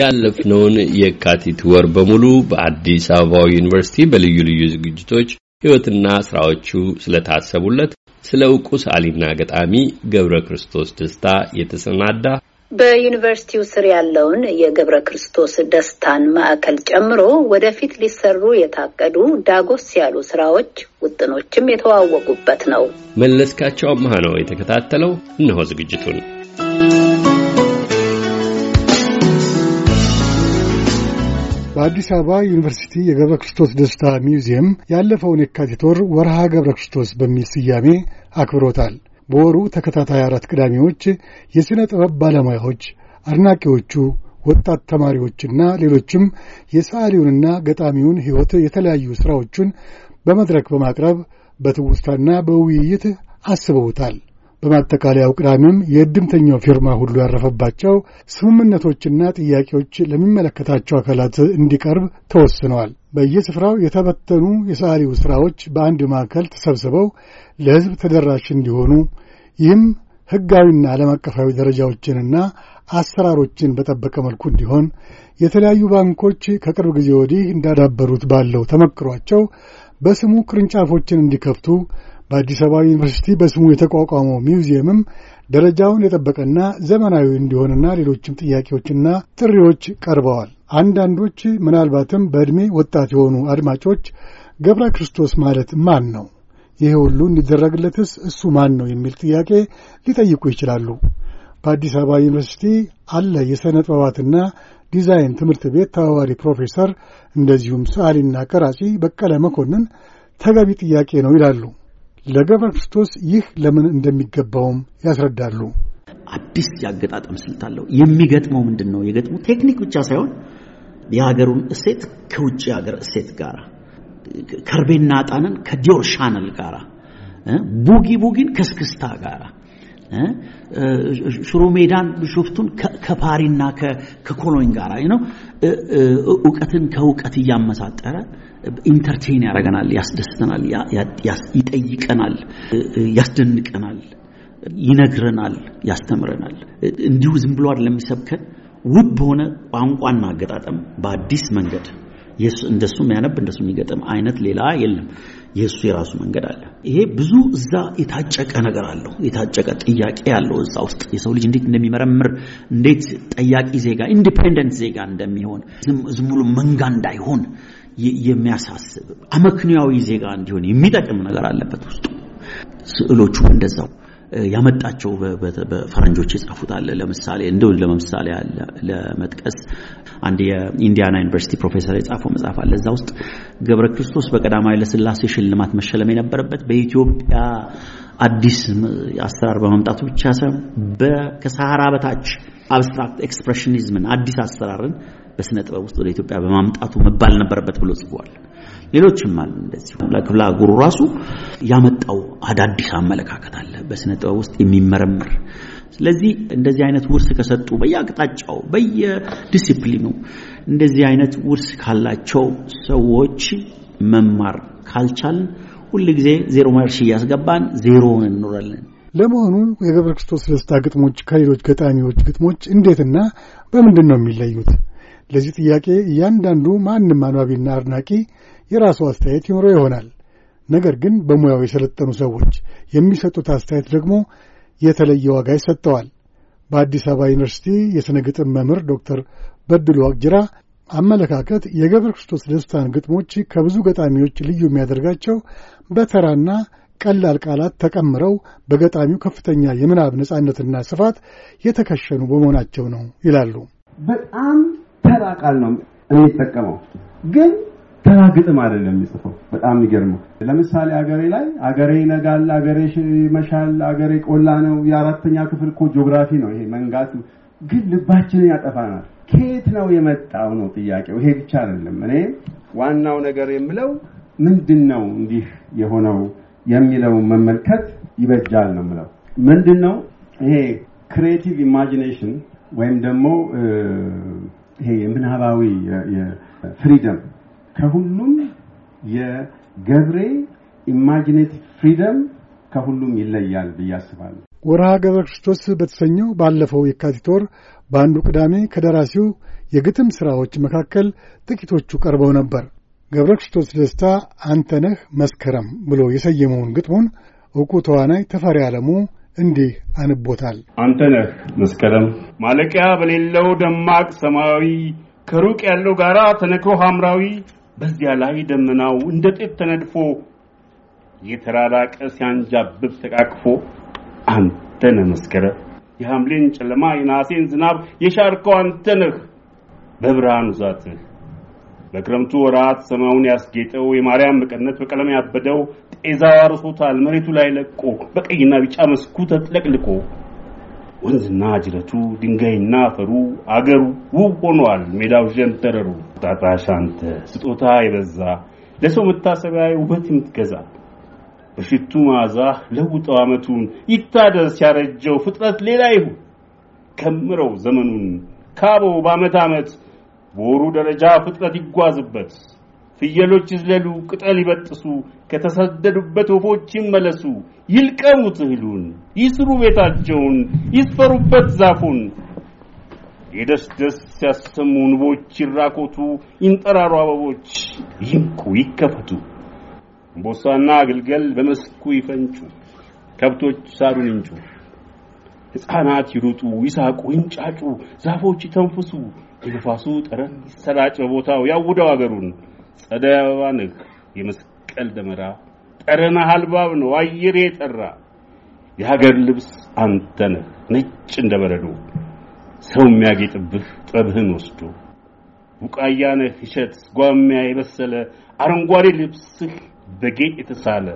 ያለፍነውን የካቲት ወር በሙሉ በአዲስ አበባው ዩኒቨርሲቲ በልዩ ልዩ ዝግጅቶች ሕይወትና ስራዎቹ ስለታሰቡለት ስለ እውቁ ሰዓሊና ገጣሚ ገብረ ክርስቶስ ደስታ የተሰናዳ በዩኒቨርሲቲው ስር ያለውን የገብረ ክርስቶስ ደስታን ማዕከል ጨምሮ ወደፊት ሊሰሩ የታቀዱ ዳጎስ ያሉ ስራዎች ውጥኖችም የተዋወቁበት ነው። መለስካቸው አምሃ ነው የተከታተለው። እነሆ ዝግጅቱን በአዲስ አበባ ዩኒቨርሲቲ የገብረ ክርስቶስ ደስታ ሚውዚየም ያለፈውን የካቲት ወር ወርሃ ገብረ ክርስቶስ በሚል ስያሜ አክብሮታል። በወሩ ተከታታይ አራት ቅዳሜዎች የሥነ ጥበብ ባለሙያዎች፣ አድናቂዎቹ፣ ወጣት ተማሪዎችና ሌሎችም የሰዓሊውንና ገጣሚውን ሕይወት የተለያዩ ሥራዎቹን በመድረክ በማቅረብ በትውስታና በውይይት አስበውታል። በማጠቃለያው ቅዳሜም የእድምተኛው ፊርማ ሁሉ ያረፈባቸው ስምምነቶችና ጥያቄዎች ለሚመለከታቸው አካላት እንዲቀርብ ተወስነዋል። በየስፍራው የተበተኑ የሰዓሊው ሥራዎች በአንድ ማዕከል ተሰብስበው ለሕዝብ ተደራሽ እንዲሆኑ ይህም ሕጋዊና ዓለም አቀፋዊ ደረጃዎችንና አሰራሮችን በጠበቀ መልኩ እንዲሆን የተለያዩ ባንኮች ከቅርብ ጊዜ ወዲህ እንዳዳበሩት ባለው ተመክሯቸው በስሙ ቅርንጫፎችን እንዲከፍቱ በአዲስ አበባ ዩኒቨርሲቲ በስሙ የተቋቋመው ሚውዚየምም ደረጃውን የጠበቀና ዘመናዊ እንዲሆንና ሌሎችም ጥያቄዎችና ጥሪዎች ቀርበዋል። አንዳንዶች ምናልባትም በዕድሜ ወጣት የሆኑ አድማጮች ገብረ ክርስቶስ ማለት ማን ነው? ይሄ ሁሉ እንዲደረግለትስ እሱ ማን ነው? የሚል ጥያቄ ሊጠይቁ ይችላሉ። በአዲስ አበባ ዩኒቨርሲቲ አለ የሥነ ጥበባትና ዲዛይን ትምህርት ቤት ተባባሪ ፕሮፌሰር እንደዚሁም ሰዓሊና ቀራጺ በቀለ መኮንን ተገቢ ጥያቄ ነው ይላሉ። ለገብረ ክርስቶስ ይህ ለምን እንደሚገባውም ያስረዳሉ። አዲስ የአገጣጠም ስልት አለው። የሚገጥመው ምንድን ነው? የገጥሙ ቴክኒክ ብቻ ሳይሆን የሀገሩን እሴት ከውጭ ሀገር እሴት ጋር፣ ከርቤና ዕጣንን ከዲዮር ሻነል ጋር፣ ቡጊ ቡጊን ከስክስታ ጋራ ሽሮ ሜዳን ቢሾፍቱን ከፓሪና ከኮሎኝ ጋር ነው እውቀትን ከእውቀት እያመሳጠረ ኢንተርቴን ያደርገናል፣ ያስደስተናል፣ ይጠይቀናል፣ ያስደንቀናል፣ ይነግረናል፣ ያስተምረናል። እንዲሁ ዝም ብሎ አይደለም የሚሰብከን ውብ በሆነ ቋንቋና አገጣጠም በአዲስ መንገድ እንደሱ የሚያነብ እንደሱ የሚገጥም አይነት ሌላ የለም። የእሱ የራሱ መንገድ አለ። ይሄ ብዙ እዛ የታጨቀ ነገር አለው፣ የታጨቀ ጥያቄ ያለው እዛ ውስጥ የሰው ልጅ እንዴት እንደሚመረምር እንዴት ጠያቂ ዜጋ ኢንዲፔንደንት ዜጋ እንደሚሆን ዝም ብሎ መንጋ እንዳይሆን የሚያሳስብ አመክንያዊ ዜጋ እንዲሆን የሚጠቅም ነገር አለበት ውስጡ። ስዕሎቹ እንደዛው ያመጣቸው በፈረንጆች የጻፉት አለ። ለምሳሌ እንደው ለምሳሌ ለመጥቀስ አንድ የኢንዲያና ዩኒቨርሲቲ ፕሮፌሰር የጻፈው መጽሐፍ አለ። እዛ ውስጥ ገብረ ክርስቶስ በቀዳማዊ ለስላሴ ሽልማት መሸለም የነበረበት በኢትዮጵያ አዲስ አሰራር በመምጣቱ ብቻ ሳይሆን ከሰሃራ በታች አብስትራክት ኤክስፕሬሽኒዝምን አዲስ አሰራርን በስነ ጥበብ ውስጥ ወደ ኢትዮጵያ በማምጣቱ መባል ነበረበት ብሎ ጽፏል። ሌሎችም አሉ። እንደዚህ ለክፍለ አህጉሩ ራሱ ያመጣው አዳዲስ አመለካከት አለ በስነ ጥበብ ውስጥ የሚመረምር። ስለዚህ እንደዚህ አይነት ውርስ ከሰጡ በየአቅጣጫው በየዲሲፕሊኑ እንደዚህ አይነት ውርስ ካላቸው ሰዎች መማር ካልቻልን ሁልጊዜ ዜሮ ማርሽ እያስገባን ዜሮውን እንኖራለን። ለመሆኑ የገብረ ክርስቶስ ደስታ ግጥሞች ከሌሎች ገጣሚዎች ግጥሞች እንዴትና በምንድን ነው የሚለዩት? ለዚህ ጥያቄ እያንዳንዱ ማንም አንባቢና አድናቂ የራሱ አስተያየት ይኖረው ይሆናል። ነገር ግን በሙያው የሰለጠኑ ሰዎች የሚሰጡት አስተያየት ደግሞ የተለየ ዋጋ ይሰጠዋል። በአዲስ አበባ ዩኒቨርሲቲ የሥነ ግጥም መምህር ዶክተር በድሉ ዋቅጅራ አመለካከት የገብረ ክርስቶስ ደስታን ግጥሞች ከብዙ ገጣሚዎች ልዩ የሚያደርጋቸው በተራና ቀላል ቃላት ተቀምረው በገጣሚው ከፍተኛ የምናብ ነጻነትና ስፋት የተከሸኑ በመሆናቸው ነው ይላሉ። በጣም ተራ ቃል ነው የሚጠቀመው ግን ተራ ግጥም አይደለም የሚጽፈው። በጣም የሚገርመው ለምሳሌ አገሬ ላይ አገሬ ይነጋል፣ አገሬ ይመሻል፣ አገሬ ቆላ ነው። የአራተኛ ክፍል እኮ ጂኦግራፊ ነው ይሄ መንጋቱ። ግን ልባችንን ያጠፋናል። ከየት ነው የመጣው ነው ጥያቄው። ይሄ ብቻ አይደለም። እኔ ዋናው ነገር የምለው ምንድን ነው እንዲህ የሆነው የሚለው መመልከት ይበጃል ነው የምለው። ምንድን ነው ይሄ ክሬቲቭ ኢማጂኔሽን ወይም ደግሞ ይሄ የምናባዊ ፍሪደም ከሁሉም የገብሬ ኢማጂኔቲቭ ፍሪደም ከሁሉም ይለያል ብዬ አስባለሁ። ወርሃ ገብረ ክርስቶስ በተሰኘው ባለፈው የካቲት ወር በአንዱ ቅዳሜ ከደራሲው የግጥም ሥራዎች መካከል ጥቂቶቹ ቀርበው ነበር። ገብረ ክርስቶስ ደስታ አንተነህ መስከረም ብሎ የሰየመውን ግጥሙን እውቁ ተዋናይ ተፈሪ ዓለሙ እንዲህ አንቦታል። አንተነህ መስከረም ማለቂያ በሌለው ደማቅ ሰማያዊ ከሩቅ ያለው ጋራ ተነክሮ ሐምራዊ በዚያ ላይ ደመናው እንደ ጤፍ ተነድፎ የተራራቀ ሲያንጃብብ ተቃቅፎ አንተ ነህ መስከረ የሐምሌን ጨለማ የነሐሴን ዝናብ የሻርከው አንተ ነህ። በብርሃን ዛትህ በክረምቱ ወራት ሰማዩን ያስጌጠው የማርያም መቀነት በቀለም ያበደው ጤዛው አርሶታል መሬቱ ላይ ለቆ በቀይና ቢጫ መስኩ ተጥለቅልቆ ወንዝና ጅረቱ ድንጋይና አፈሩ አገሩ ውብ ሆኗል። ሜዳው ዠንተረሩ ጣጣሽ አንተ ስጦታ የበዛ ለሰው መታሰቢያ ውበት የምትገዛ በሽቱ መዓዛ ለውጠው ዓመቱን ይታደስ ያረጀው ፍጥረት ሌላ ይሁን ከምረው ዘመኑን ካበው በዓመት ዓመት በወሩ ደረጃ ፍጥረት ይጓዝበት ፍየሎች ይዝለሉ፣ ቅጠል ይበጥሱ፣ ከተሰደዱበት ወፎች ይመለሱ፣ ይልቀሙ ትህሉን፣ ይስሩ ቤታቸውን፣ ይስፈሩበት ዛፉን። የደስ ደስ ያሰሙ ንቦች ይራኮቱ፣ ይንጠራሩ አበቦች፣ ይንቁ፣ ይከፈቱ፣ ቦሳና አገልገል በመስኩ ይፈንጩ፣ ከብቶች ሳሩን ይንጩ፣ ሕፃናት ይሩጡ፣ ይሳቁ፣ ይንጫጩ፣ ዛፎች ይተንፍሱ፣ የነፋሱ ጠረን ይሰራጭ በቦታው ያውደው አገሩን። ጸደይ አበባ ነህ! የመስቀል ደመራ ጠረና አልባብ ነው አየር የጠራ የሀገር ልብስ አንተ ነህ ነጭ እንደ በረዶ ሰው የሚያጌጥብህ ጥበብህን ወስዶ ቡቃያ ነህ እሸት ጓሚያ የበሰለ አረንጓዴ ልብስህ በጌጥ የተሳለ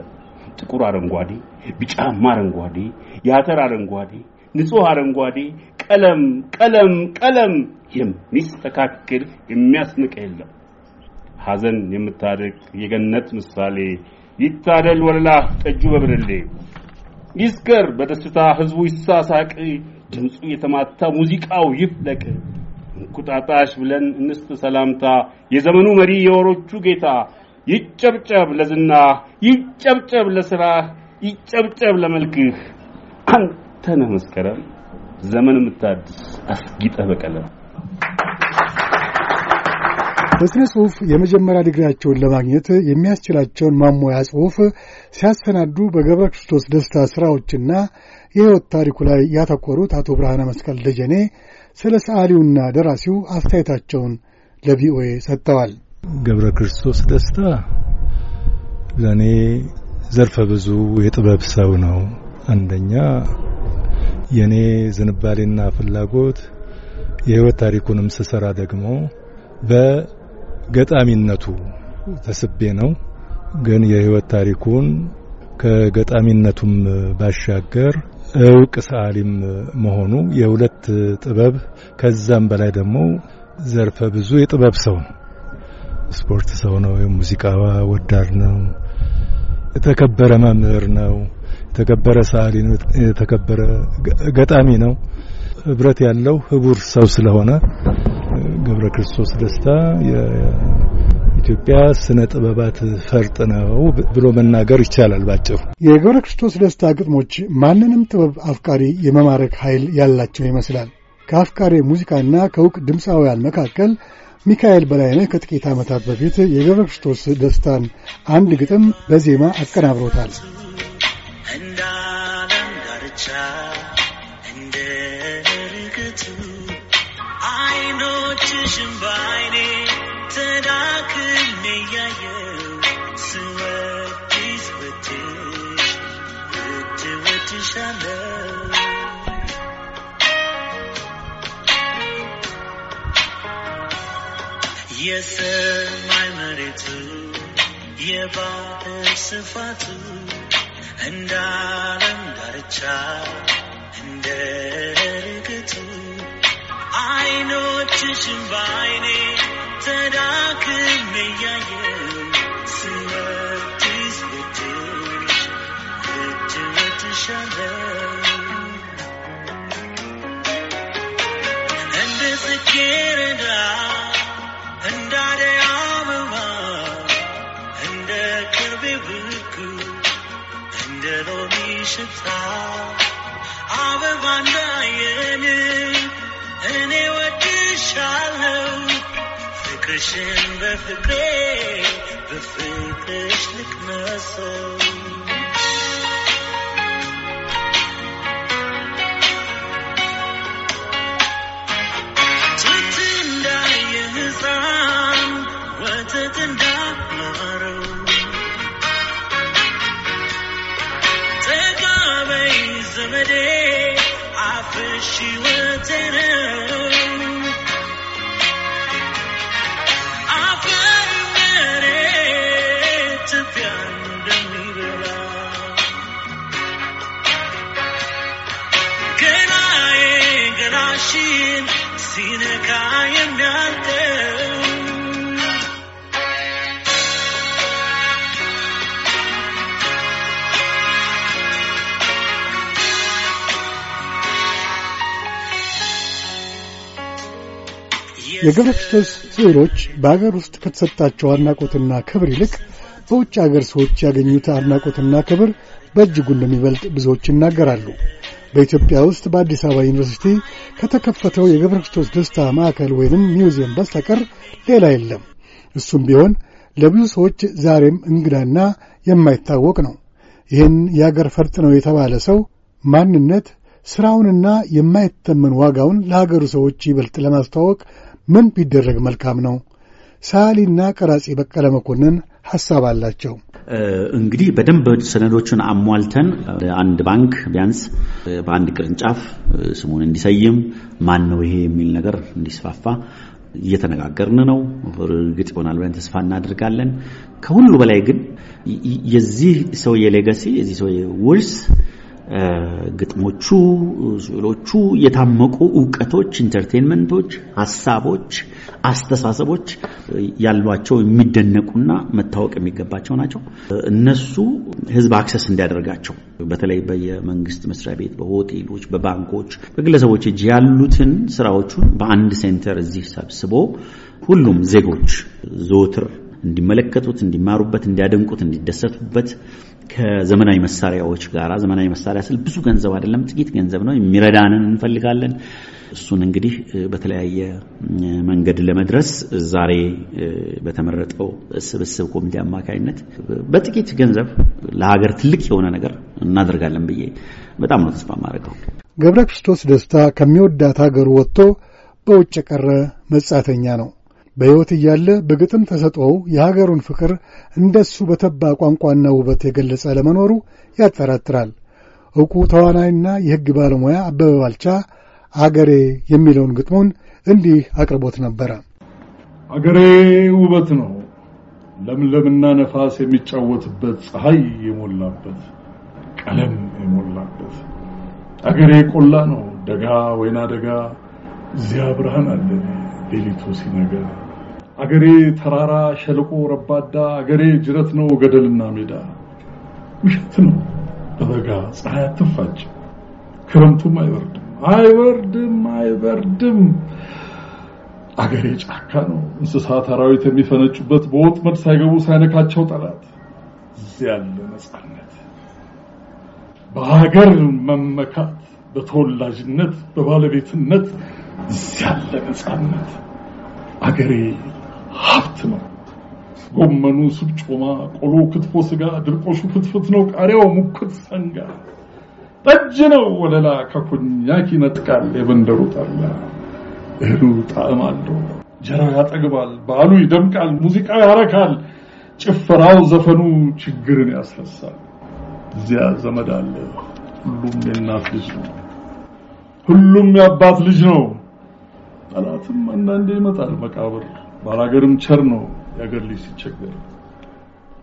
ጥቁር አረንጓዴ፣ ቢጫማ አረንጓዴ፣ የአተር አረንጓዴ፣ ንጹህ አረንጓዴ ቀለም ቀለም ቀለም የሚስተካከል የሚያስንቅ የለም። ሐዘን የምታደቅ የገነት ምሳሌ ይታደል ወለላ ጠጁ በብርሌ ይስከር በደስታ ህዝቡ ይሳሳቅ ድምፁ የተማታ ሙዚቃው ይፍለቅ እንቁጣጣሽ ብለን እንስት ሰላምታ የዘመኑ መሪ የወሮቹ ጌታ ይጨብጨብ ለዝና ይጨብጨብ ለስራ ይጨብጨብ ለመልክህ አንተ ነህ መስከረም ዘመን የምታድስ አስጊጠህ በቀለም በስነ ጽሁፍ የመጀመሪያ ዲግሪያቸውን ለማግኘት የሚያስችላቸውን ማሞያ ጽሁፍ ሲያሰናዱ በገብረ ክርስቶስ ደስታ ሥራዎችና የሕይወት ታሪኩ ላይ ያተኮሩት አቶ ብርሃነ መስቀል ደጀኔ ስለ ሰዓሊውና ደራሲው አስተያየታቸውን ለቪኦኤ ሰጥተዋል። ገብረ ክርስቶስ ደስታ ለእኔ ዘርፈ ብዙ የጥበብ ሰው ነው። አንደኛ የእኔ ዝንባሌና ፍላጎት የሕይወት ታሪኩንም ስሰራ ደግሞ በ ገጣሚነቱ ተስቤ ነው። ግን የህይወት ታሪኩን ከገጣሚነቱም ባሻገር እውቅ ሰዓሊም መሆኑ የሁለት ጥበብ ከዛም በላይ ደግሞ ዘርፈ ብዙ የጥበብ ሰው ነው። ስፖርት ሰው ነው። የሙዚቃ ወዳድ ነው። የተከበረ መምህር ነው። የተከበረ ሰዓሊ ነው። የተከበረ ገጣሚ ነው። ህብረት ያለው ህቡር ሰው ስለሆነ ገብረ ክርስቶስ ደስታ የኢትዮጵያ ስነ ጥበባት ፈርጥ ነው ብሎ መናገር ይቻላል። ባጭሩ የገብረ ክርስቶስ ደስታ ግጥሞች ማንንም ጥበብ አፍቃሪ የመማረክ ኃይል ያላቸው ይመስላል። ከአፍቃሪ ሙዚቃና ከእውቅ ድምፃውያን መካከል ሚካኤል በላይነህ ከጥቂት ዓመታት በፊት የገብረ ክርስቶስ ደስታን አንድ ግጥም በዜማ አቀናብሮታል። የሰማይመሬቱ የባህር ስፋቱ እንደ ዓለም ዳርቻ እንደ I know to ايش لك ما سويت ሲነካ የሚያልቀው ስዕሎች በአገር ውስጥ ከተሰጣቸው አድናቆትና ክብር ይልቅ በውጭ አገር ሰዎች ያገኙት አድናቆትና ክብር በእጅጉ እንደሚበልጥ ብዙዎች ይናገራሉ። በኢትዮጵያ ውስጥ በአዲስ አበባ ዩኒቨርሲቲ ከተከፈተው የገብረ ክርስቶስ ደስታ ማዕከል ወይንም ሚውዚየም በስተቀር ሌላ የለም። እሱም ቢሆን ለብዙ ሰዎች ዛሬም እንግዳና የማይታወቅ ነው። ይህን የአገር ፈርጥ ነው የተባለ ሰው ማንነት ሥራውንና የማይተመን ዋጋውን ለሀገሩ ሰዎች ይበልጥ ለማስተዋወቅ ምን ቢደረግ መልካም ነው? ሰዓሊና ቀራጺ በቀለ መኮንን ሐሳብ አላቸው። እንግዲህ በደንብ ሰነዶቹን አሟልተን አንድ ባንክ ቢያንስ በአንድ ቅርንጫፍ ስሙን እንዲሰይም ማን ነው ይሄ የሚል ነገር እንዲስፋፋ እየተነጋገርን ነው። እርግጥ ይሆናል ብለን ተስፋ እናደርጋለን። ከሁሉ በላይ ግን የዚህ ሰው የሌገሲ የዚህ ሰው ውርስ ግጥሞቹ፣ ስዕሎቹ፣ የታመቁ እውቀቶች፣ ኢንተርቴንመንቶች፣ ሀሳቦች አስተሳሰቦች ያሏቸው የሚደነቁና መታወቅ የሚገባቸው ናቸው። እነሱ ህዝብ አክሰስ እንዲያደርጋቸው በተለይ በየመንግስት መስሪያ ቤት፣ በሆቴሎች፣ በባንኮች፣ በግለሰቦች እጅ ያሉትን ስራዎቹን በአንድ ሴንተር እዚህ ሰብስቦ ሁሉም ዜጎች ዘወትር እንዲመለከቱት፣ እንዲማሩበት፣ እንዲያደንቁት፣ እንዲደሰቱበት ከዘመናዊ መሳሪያዎች ጋር ዘመናዊ መሳሪያ ስል ብዙ ገንዘብ አይደለም፣ ጥቂት ገንዘብ ነው። የሚረዳንን እንፈልጋለን። እሱን እንግዲህ በተለያየ መንገድ ለመድረስ ዛሬ በተመረጠው ስብስብ ኮሚቴ አማካኝነት በጥቂት ገንዘብ ለሀገር ትልቅ የሆነ ነገር እናደርጋለን ብዬ በጣም ነው ተስፋ ማድረገው። ገብረ ክርስቶስ ደስታ ከሚወዳት ሀገሩ ወጥቶ በውጭ የቀረ መጻተኛ ነው። በሕይወት እያለ በግጥም ተሰጥኦው የሀገሩን ፍቅር እንደሱ በተባ ቋንቋና ውበት የገለጸ ለመኖሩ ያጠራጥራል። ዕውቁ ተዋናይና የሕግ ባለሙያ አበበ ባልቻ አገሬ የሚለውን ግጥሙን እንዲህ አቅርቦት ነበረ። አገሬ ውበት ነው ለምለምና ነፋስ የሚጫወትበት ፀሐይ የሞላበት ቀለም የሞላበት አገሬ ቆላ ነው ደጋ ወይና ደጋ እዚያ ብርሃን አለ ሌሊቱ ሲነገር! አገሬ ተራራ፣ ሸለቆ፣ ረባዳ፣ አገሬ ጅረት ነው ገደልና ሜዳ። ውሸት ነው። በበጋ ፀሐይ አትፋጭ፣ ክረምቱም አይበርድም አይበርድም አይበርድም። አገሬ ጫካ ነው፣ እንስሳት አራዊት የሚፈነጩበት በወጥመድ ሳይገቡ ሳይነካቸው ጠላት። እዚያ ያለ ነፃነት፣ በሀገር መመካት፣ በተወላጅነት፣ በባለቤትነት እዚያ ያለ ነፃነት አገሬ ሀብት ነው። ጎመኑ፣ ሱፕ፣ ጮማ፣ ቆሎ፣ ክትፎ፣ ስጋ፣ ድርቆሹ፣ ፍትፍት ነው። ቃሪያው ሙክት፣ ሰንጋ፣ ጠጅ ነው። ወለላ ከኮኛክ ይነጥቃል የበንደሩ ጠላ። እህሉ ጣዕም አለው። ጀራው ያጠግባል፣ በዓሉ ይደምቃል፣ ሙዚቃው ያረካል፣ ጭፈራው ዘፈኑ ችግርን ያስረሳል። እዚያ ዘመድ አለ። ሁሉም የእናት ልጅ ነው። ሁሉም የአባት ልጅ ነው። ጠላትም አንዳንዴ ይመጣል መቃብር ባላገርም ቸር ነው የአገር ልጅ ሲቸገር።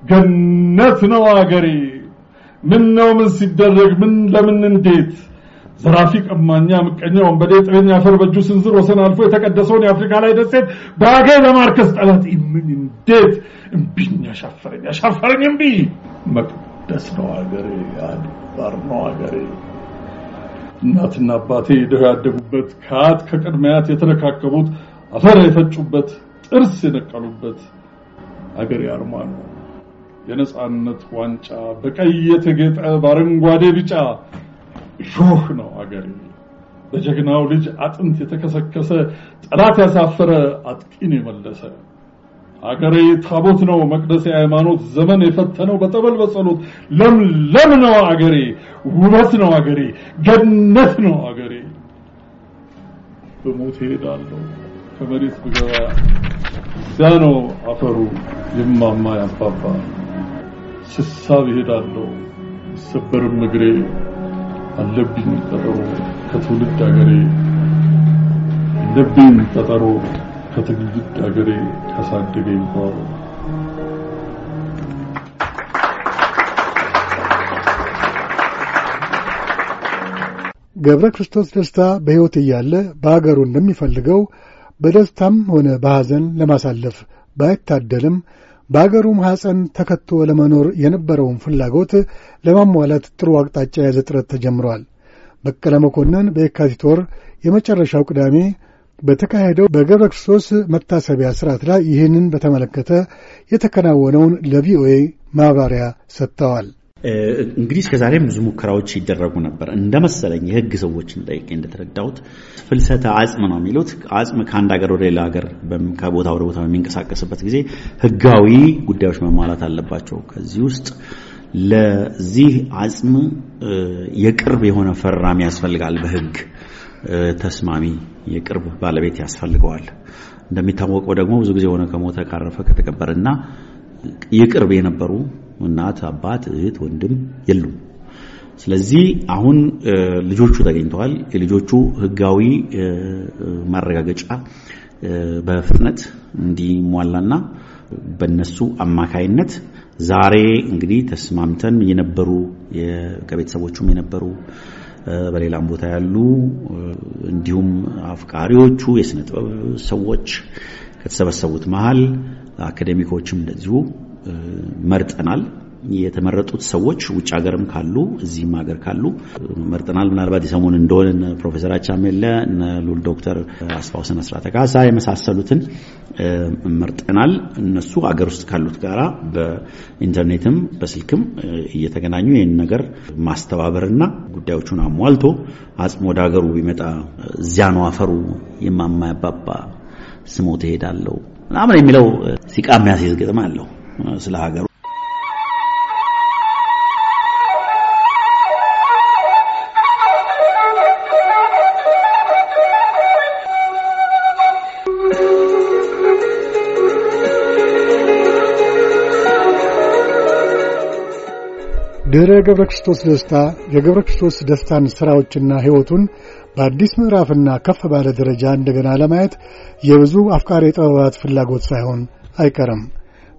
ገነት ነው አገሬ ምን ነው ምን ሲደረግ ምን ለምን እንዴት ዘራፊ፣ ቀማኛ፣ ምቀኛ፣ ወንበዴ፣ ጥበኛ፣ አፈር በእጁ ስንዝር ወሰን አልፎ የተቀደሰውን የአፍሪካ ላይ ደሴት በአገር ለማርከስ ጠላት ምን እንዴት እምቢኝ አሻፈረኝ አሻፈረኝ እምቢ መቅደስ ነው አገሬ አድባር ነው አገሬ እናትና አባቴ ደው ያደጉበት ከአያት ከቅድመ የተረካከቡት አፈር የፈጩበት ጥርስ የነቀሉበት አገር ያርማ ነው። የነጻነት ዋንጫ በቀይ የተጌጠ በአረንጓዴ ቢጫ ሾህ ነው አገሬ። በጀግናው ልጅ አጥንት የተከሰከሰ ጠላት ያሳፈረ አጥቂን የመለሰ አገሬ ታቦት ነው መቅደስ የሃይማኖት ዘመን የፈተነው በጠበል በጸሎት ለምለም ነው አገሬ፣ ውበት ነው አገሬ፣ ገነት ነው አገሬ። በሞት እሄዳለሁ ከመሬት ብገባ እዚያ ነው አፈሩ ይማማ ያባባ ስሳብ ይሄዳለሁ ይሰበርም እግሬ አለብኝ ጠጠሮ ከትውልድ አገሬ አለብኝ ጠጠሮ ከትውልድ አገሬ ካሳደገኝ ጓሮ ገብረ ክርስቶስ ደስታ በሕይወት እያለ በአገሩ እንደሚፈልገው በደስታም ሆነ በሐዘን ለማሳለፍ ባይታደልም በአገሩ ማኅፀን ተከቶ ለመኖር የነበረውን ፍላጎት ለማሟላት ጥሩ አቅጣጫ የያዘ ጥረት ተጀምሯል። በቀለ መኮንን በየካቲት ወር የመጨረሻው ቅዳሜ በተካሄደው በገብረ ክርስቶስ መታሰቢያ ሥርዓት ላይ ይህንን በተመለከተ የተከናወነውን ለቪኦኤ ማብራሪያ ሰጥተዋል። እንግዲህ እስከዛሬም ብዙ ሙከራዎች ይደረጉ ነበር። እንደመሰለኝ የህግ ሰዎችን ጠይቄ እንደተረዳሁት ፍልሰተ አጽም ነው የሚሉት። አጽም ከአንድ ሀገር ወደ ሌላ ሀገር ከቦታ ወደ ቦታ በሚንቀሳቀስበት ጊዜ ህጋዊ ጉዳዮች መሟላት አለባቸው። ከዚህ ውስጥ ለዚህ አጽም የቅርብ የሆነ ፈራሚ ያስፈልጋል። በህግ ተስማሚ የቅርብ ባለቤት ያስፈልገዋል። እንደሚታወቀው ደግሞ ብዙ ጊዜ የሆነ ከሞተ ካረፈ ከተቀበረና የቅርብ የነበሩ እናት፣ አባት፣ እህት፣ ወንድም የሉም። ስለዚህ አሁን ልጆቹ ተገኝተዋል። የልጆቹ ህጋዊ ማረጋገጫ በፍጥነት እንዲሟላና በነሱ አማካይነት ዛሬ እንግዲህ ተስማምተን የነበሩ ከቤተሰቦቹም የነበሩ በሌላም ቦታ ያሉ እንዲሁም አፍቃሪዎቹ የስነ ጥበብ ሰዎች ከተሰበሰቡት መሃል አካዴሚኮችም እንደዚሁ መርጠናል። የተመረጡት ሰዎች ውጭ ሀገርም ካሉ እዚህም ሀገር ካሉ መርጠናል። ምናልባት የሰሞን እንደሆነ ፕሮፌሰር አቻሜለ እነ ሉል ዶክተር አስፋውሰን አስራተ ካሳ የመሳሰሉትን መርጠናል። እነሱ አገር ውስጥ ካሉት ጋራ በኢንተርኔትም በስልክም እየተገናኙ ይህን ነገር ማስተባበርና ጉዳዮቹን አሟልቶ አጽሞ ወደ ሀገሩ ቢመጣ እዚያ ነው አፈሩ የማማያባባ ስሞ ትሄዳለው ምናምን የሚለው ሲቃ የሚያስይዝ ግጥም አለው። ስለ ሀገሩ ድኅረ ገብረ ክርስቶስ ደስታ የገብረ ክርስቶስ ደስታን ሥራዎችና ሕይወቱን በአዲስ ምዕራፍና ከፍ ባለ ደረጃ እንደገና ለማየት የብዙ አፍቃሪ ጥበባት ፍላጎት ሳይሆን አይቀርም።